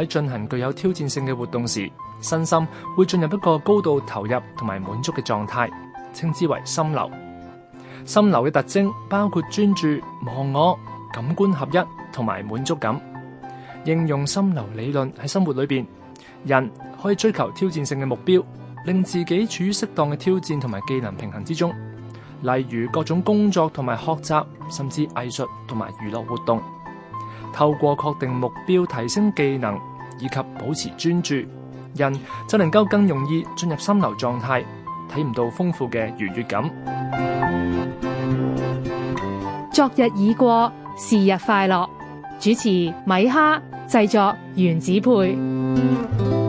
喺進行具有挑戰性嘅活動時，身心會進入一個高度投入同埋滿足嘅狀態，稱之為心流。心流嘅特徵包括專注、忘我、感官合一同埋滿足感。應用心流理論喺生活裏邊，人可以追求挑戰性嘅目標，令自己處於適當嘅挑戰同埋技能平衡之中，例如各種工作同埋學習，甚至藝術同埋娛樂活動。透過確定目標、提升技能以及保持專注，人就能夠更容易進入心流狀態，體驗到豐富嘅愉悅感。昨日已過，是日快樂。主持米哈，製作原子配。